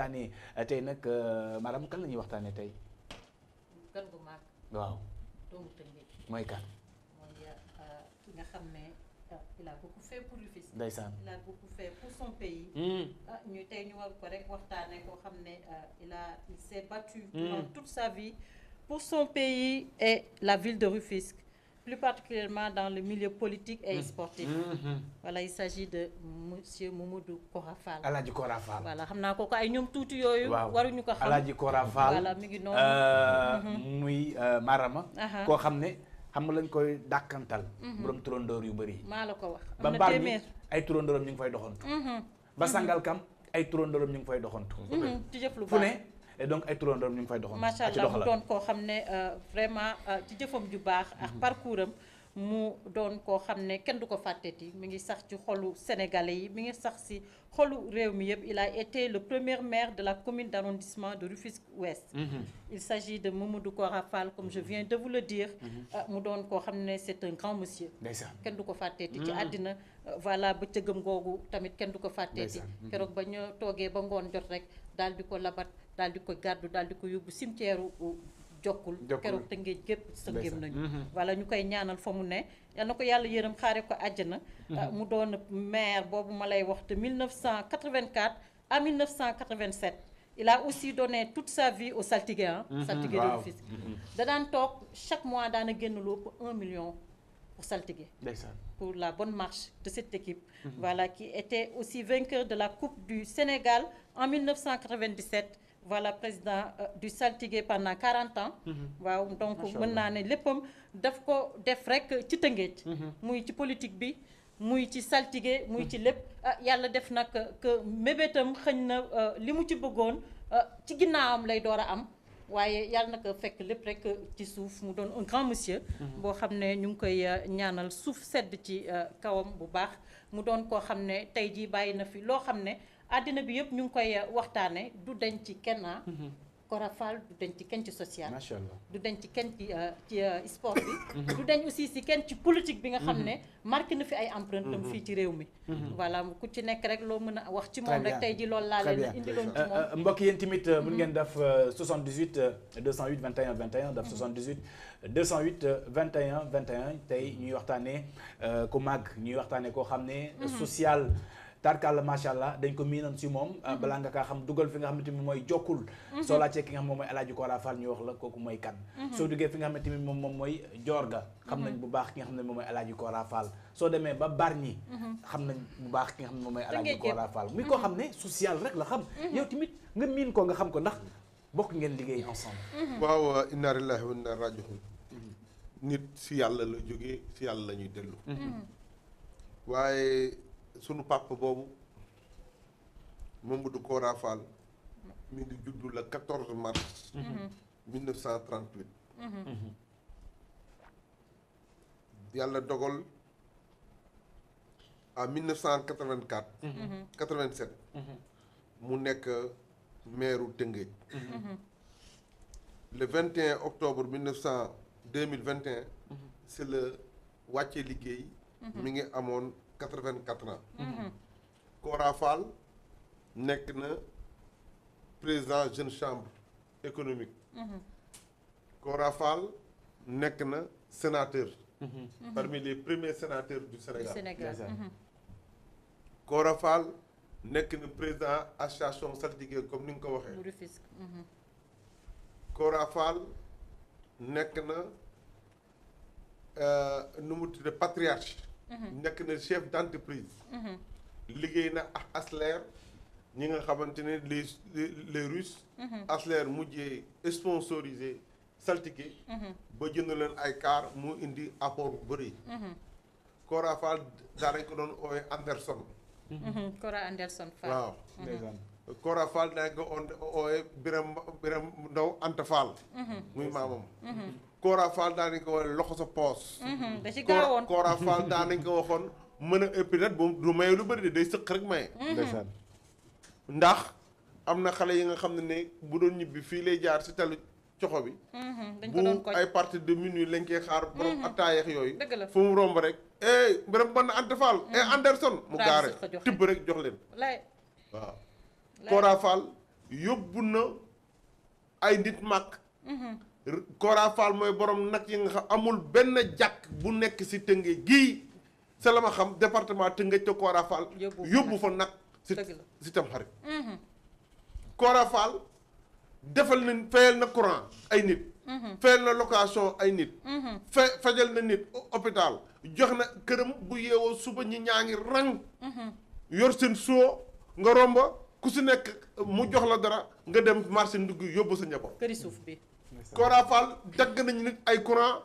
waxtaanee eh, tey nag eh, maanaam kan la ñuy waxtaanee tey. gan gu mag. waaw. doomu Tëngéej. mooy kan. mooy eh, ki nga xam ne il a beaucoup fait pour Rufisque. ndeysaan il a beaucoup fait pour son pays. Hmm. Ah, ñu tey ñu war ko rek waxtaanee koo xam ne il a il s'est battu. Hmm. pendant toute sa vie pour son pays et la ville de Rufisque. plus particulièrement dans le milieu politique et mmh. sportif. Mmh. voilà il s'agit de monsieur Mamadou Kora Fall. Alaaji Kora Fall. voilà xam naa kooku ay ñoom tuuti yooyu. waruñu ko xam Alaaji Kora Fall. voilà mi ngi noonu. Euh, mmh. muy euh, Marama. koo xam ne xam lañ koy dàkkantal. borom turandoor yu bëri. maa la ko wax ba mbaar mi ay turandooram ñu ngi fay doxantu. ba sangal kam ay turandooram ñu ngi fay doxantu. fu ne. et donc ay turandoom ñu ngi fay doxal. macha allah mu doon koo xam ne euh, vraiment euh, ci jëfam mhm. am mu doon koo xam ne kenn du ko fàtteti mu ngi sax ci xolu sénégalais yi mi ngi sax si xolu réew mi yëpp il a été le première maire de la commune d' arrondissement de Rufisque Ouest. Mhm. il s'agit de Mamadou Kora Fall comme je mhm. viens de vous le dire. Euh, mu doon ko xam ne c' est un grand monsieur. kenn du ko fàtteeti ci àddina voilà ba cëgam googu tamit kenn du ko fàtteeti keroog ba ñu toogee ba ngoon jot rek daal di ko labat. daal di ko gàddu daal di ko yóbbu cimetière jokkul keroog te ngéej gépp sëngéem nañu mhm. voilà ñu koy ñaanal fa mu ne yal na ko yàlla yërëm xaare ko àjjana mhm. ah, mu doon maire boobu ma lay wax te 1984 à 1987 il a aussi donné toute sa vie au saltigué ah saltigué de Rufisque da daan toog chaque mois daana génn lu ëpp un million pour saltigué pour la bonne marche de cette équipe voilà qui était aussi vainqueur de la coupe du Sénégal voilà président euh, du saltigué pendant 40 ans. Mm-hmm. waaw donc mën naa ne léppam daf ko def rek ci tëngéej. Mm-hmm. muy ci politique bi muy ci saltigué muy ci mm-hmm. lépp ah, yàlla def nag que mébétam xëñ na euh, li mu ci bëggoon euh, ci ginnaawam lay door a am. waaye yàlla na ko fekk lépp rek ci suuf mu doon un grand monsieur. boo xam ne ñu ngi koy ñaanal suuf sedd ci kawam bu baax mu doon koo xam ne tey jii bàyyi na fi loo xam ne. àddina bi yëpp ñu ngi koy euh, waxtaane du deñ ci kenn ah. mm-hmm. Corafal du dañ ci kenn ci social. macha du deñ ci kenn ci ci euh, euh, sport bi. Mm-hmm. du dañ aussi si kenn ci politique bi nga xam ne. Mm-hmm. marqué na fi ay empreinte am fii ci réew mi. voilà ku ci nekk rek loo mën a wax ci moom rek. tey ji loolu laa leen indiloon ci moom. mbokk yéen tamit mun ngeen def 78 208 21 21 def 78 208 21 21 tey ñuy waxtaanee ku màgg ñuy waxtaanee koo xam ne. social. tarkalla macha allah dañ ko miinoon si moom ah, mhm. balaa nga kaa xam dugal fi nga xamante ni mooy jokkul mhm. soo laajtee ki nga xam moom mooy alaaji Kora Fall ñu wax la kooku mooy kan mhm. soo duggee fi nga xamante ni moom moom mooy joor ga xam ne moom mooy alaaji Kora Fall soo demee ba barñi xam nañ bu baax ki nga xam ne moom mooy alaaji Kora Fall muy koo xam ne social rek la xam yow tamit nga miin ko nga xam ko ndax bokk ngeen liggéey ensemble waaw uh, inna lillahi wa inna rajiun nit si yàlla la jógee si yàlla la ñuy dellu waaye sunu papa boobu Mamadou Kora Fall mi ngi juddu le mars. yàlla dogal en mu nekk maire u Tëngéej. le 21 octobre 1900 2021. c'est le liggéey. mi ngi amoon. quatre-vingt-quatre ans mm-hmm. Kora nekk na président jeune chambre économique Kora mm-hmm. nekk na sénateur mm-hmm. parmi les premiers sénateurs du Sénégal Kora nekk na président association saltige comme ni nga ko waxee Kora Fall nekk na euh, nu mu tuddee patriarche Mhm. nekk na chef d'entreprise. Mhm. liggéey na ak ñi nga xamante ne les les Russes. Mhm. Asler mujjee sponsorisé saltige. ba jënd leen ay car mu indi apport bu bëri. Cora Fall daa ko doon oowee Anderson. Cora Anderson Fall waaw. Cora ko oowee Biram Biram Ndaw Anta Fall. muy maamam. Kora Fall daa loxo sa poos. Mhm, da ci daa ko waxoon mën a ëppi nag du maye lu bëri de day sëq rek maye. Mhm. ndeysaan ndax am na xale yi nga xam ne bu doon ñibbi fii lay jaar si talu coxo bi. Mhm, bu ay partie de minuit lañ koy xaar. borom attaayeex yooyu. fu mu romb rek. eh borom mën na Anta Fall. eh Anderson mu gaare tibb rek jox leen. waaw Kora Fall yóbbu na ay nit màkk. Kora mooy borom nag yi nga xam amul benn jàkk bu nekk si tënge gii sa la ma xam département tëngëj te Kora Fall yóbbu fa nag si si tam xarit mm-hmm. Kora defal na fayal na courant ay nit mm-hmm. fayal na location ay nit mm-hmm. fajal na nit hôpital jox na këram bu yeewoo suba ñi ñaa ngi rang yor seen soo nga romba ku si nekk mu jox la dara nga dem marché ndugg yóbbu sa njaboot Kora Fall dagg nañ nit ay courant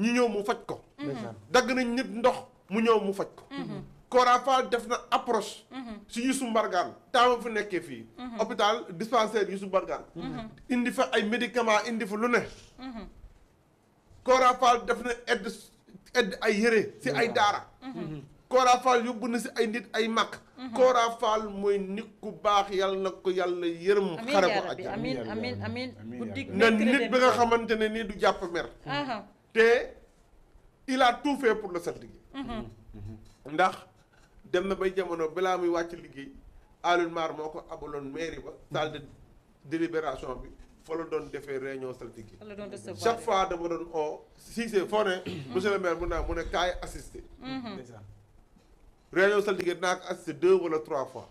ñu ñëw mu faj ko. dagg nañ nit ndox mu ñëw mu faj ko. Kora mhm. def na approche. Mhm. si su Mbargaan taama fu nekkee fii. Mhm. hôpital dispensaire su Mbargaan. indi fa ay médicament indi fa lu ne. Kora def na aide aide ay yére si ay daara. Kora Fall yóbbu na si ay nit ay mag. Mhm. Kora mooy nit ku baax yàlla na ko yàlla yërëm. xare ko àjjana amiin na nit bi nga xamante ne nii du jàpp mer. te il a pour le set mhm. mhm. ndax dem na bay jamono balaa muy wàcc liggéey Alioune Mar moo ko abaloon mairie ba salle de délibération bi. fa la doon defee réunion stratégique chaque fois dama doon o si foo ne monsieur le maire mun mu ne kaay assister réunion syndicat dinaa ko assisté deux wala trois fois.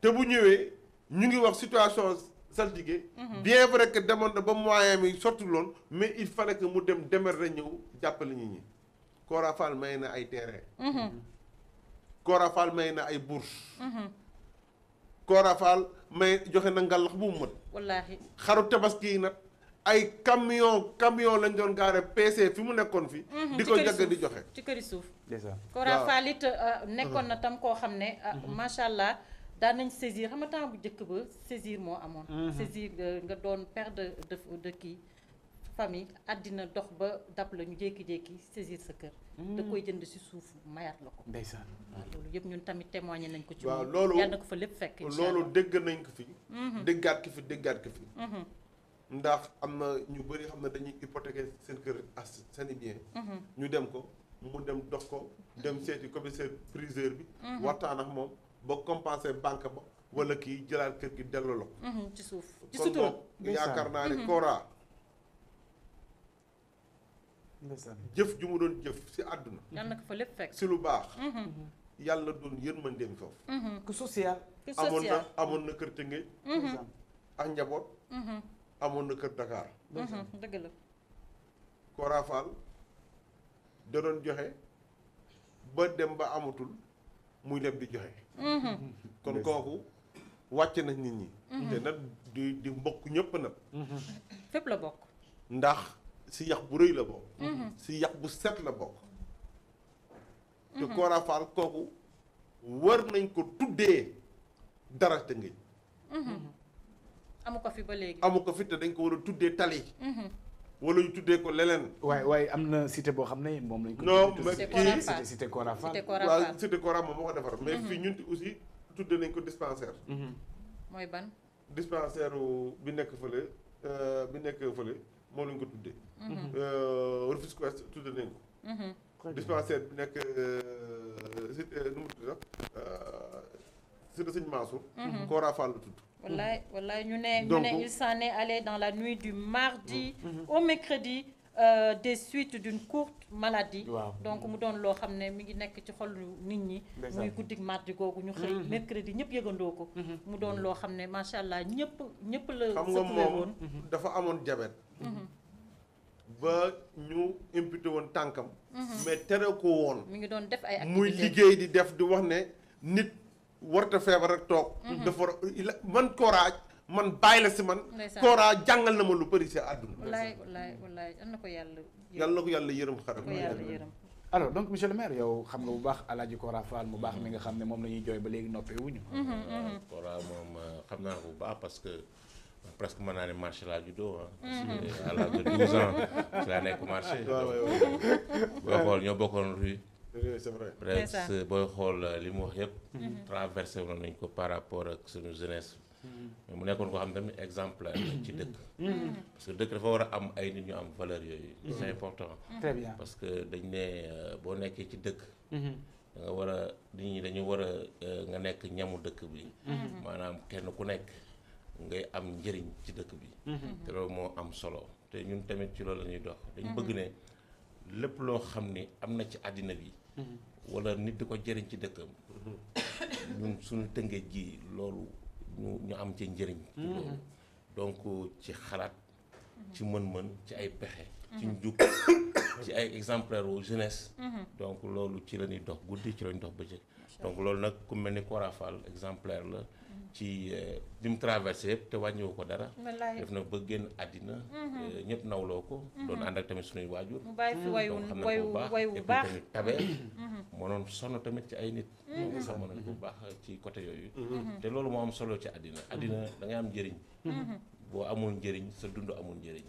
te bu ñëwee ñu ngi wax situation saltige mhm. bien vrai que demoon na ba moyen mi sottul loon mais il fallait que mu dem demer na ñëw jàppale nit ñi. Kora Fall may na ay terrain. Kora mhm. Fall may na ay bourse Kora mhm. Fall may joxe na ngalax bu mu mën. wallaahi xaru tabaski nag. ay camion camion lañ doon gaare PC fi mu nekkoon fi mhm, di ko jagg di joxe ci këri suuf Kora Fall it euh, nekkoon na tam koo xam ne euh, mhm. macha allah daan nañ saisir xam nga temps bu jëkk ba saisir moo amoon mhm. saisir euh, nga doon père de de kii famille àddina dox ba dab la ñu jékki-jékki saisir sa kër da koy jënd si suuf mayaat la ko ndeysaan waaw loolu yëpp ñun tamit témoigné nañ ko ci waaw loolu yal ko fa lépp fekk loolu dégg nañ ko fi déggaat ki fi déggaat ki fi ndax am na ñu bëri xam na dañuy hypothéquer seen kër as seen i bien mhm. ñu dem ko mu dem dox ko dem seeti commissaire priseur bi mhm. waxtaan ak moom ba compenser banque ba wala kii jëlaat kër gi delloo la mhm, ci suuf ci sutura yaakaar naa ne Kora jëf ju si àdduna yàlla na ko fa lépp fekk si lu baax yàlla doon yërmandeem foofu ku social amoon na amoon na kër Tëngéej ak njaboot amoon na kër Dakar. Mhm, dëgg la. Kora joxe ba dem ba amatul muy leb di joxe. Mhm. kon kooku wàcc na nit ñi. Mhm. di di mbokk ñëpp nag. fépp la bokk. ndax si yax bu rëy la bokk. si yax bu set la bokk. te Kora kooku war nañ ko tuddee dara Tëngéej. amu ko fi ba léegi amu ko fi dañ ko war a tuddee tali. Mhm. wala ñu tuddee ko leneen. waaye waaye am na cité boo xam ne moom lañ ko. non mais kii cité cité Cora Fall waaw cité Cora moom moo ko defar. mais mhm. fii ñun aussi tuddee nañ ko dispensaire. Mhm. bi nekk fële euh, bi nekk fële moom lañ ko tuddee. Euh, Rufisque Ouest tuddee nañ ko. dispensaire bi nekk euh, cité nu mu tudd sax. c'est de sëñ Mansour. Mhm. Kora la tudd. wallaay wallaay ñu ne ñu ne il s'en est dans la nuit du mardi. Mhm. Mhm. au mercredi. de euh, des suites d'une courte maladie. donc mu doon loo xam ne mi ngi nekk ci xolu nit ñi. muy guddig mardi googu ñu xëy. mercredi ñëpp yëgandoo ko. mu doon loo xam ne macha allah ñëpp ñëpp la. xam nga moom dafa amoon jabet. ba ñu imputé woon tànkam. mais tere ko woon. mi ngi doon def ay activités muy liggéey di def di wax ne nit. warta feebar rek toog mhm. dafa war man courage man bàyyi la si man courage jàngal na ma lu bëri si àdduna wallaay na ko yàlla yàlla ko yàlla yërëm xara ko yàlla yërëm alors donc monsieur le maire yow xam nga bu baax Alaaji Kora Fall mu baax mi nga xam ne moom la ñuy jooy ba léegi noppee wuñu Kora mhm, mhm. euh, moom euh, xam naa ko bu baax parce que euh, presque mën naa ne marché laa doo ah. à l'âge de 12 ans ci laa nekk marché. waaw boo xool ñoo bokkoon rue. c'est vrai presque booy xool euh, li mu wax yëpp. Mhm. traversé woon nañ ko par rapport ak suñu jeunesse. Mhm. mais mu nekkoon koo xam tamit exemplaire ci dëkk. Mhm. parce dëkk dafa war a am ay nit ñu am valeur yooyu. c'est parce que dañ ne euh, boo nekkee ci dëkk. da nga dañu war a euh, nga nekk ñamu dëkk bi. maanaam kenn ku nekk ngay am njëriñ ci dëkk bi. moo am solo te ñun tamit ci loolu la ñuy dox dañ bëgg ne. lépp loo xam ne am na ci àddina bi. Mhm. wala nit di ko jëriñ ci dëkkam. Mhm. ñun suñu tëngéej gi loolu ñu ñu am ci njëriñ. Mhm. donc ci xalaat. ci mën-mën ci ay pexe. ci njub ci ay exemplaire wu jeunesse. donc loolu ci la ñuy dox guddi ci la ñuy dox bëccëg. donc loolu nag ku mel ni Kora Fall exemplaire la. ci li euh, mu traversé yëpp te wàññiwu ko dara. def na ba génn àddina. Mhm. Euh, ñëpp nawloo ko. Mhm. doon ànd ak tamit suñuy waajur. mu bàyyi fi wayu wayu bu baax tamit tabe. Mhm. moo doon sonn tamit ci ay nit. sax mën nañu bu baax ci côté yooyu. te loolu moo am solo ci àddina àddina dangay am njëriñ. boo amoon njëriñ sa dund amoon njëriñ.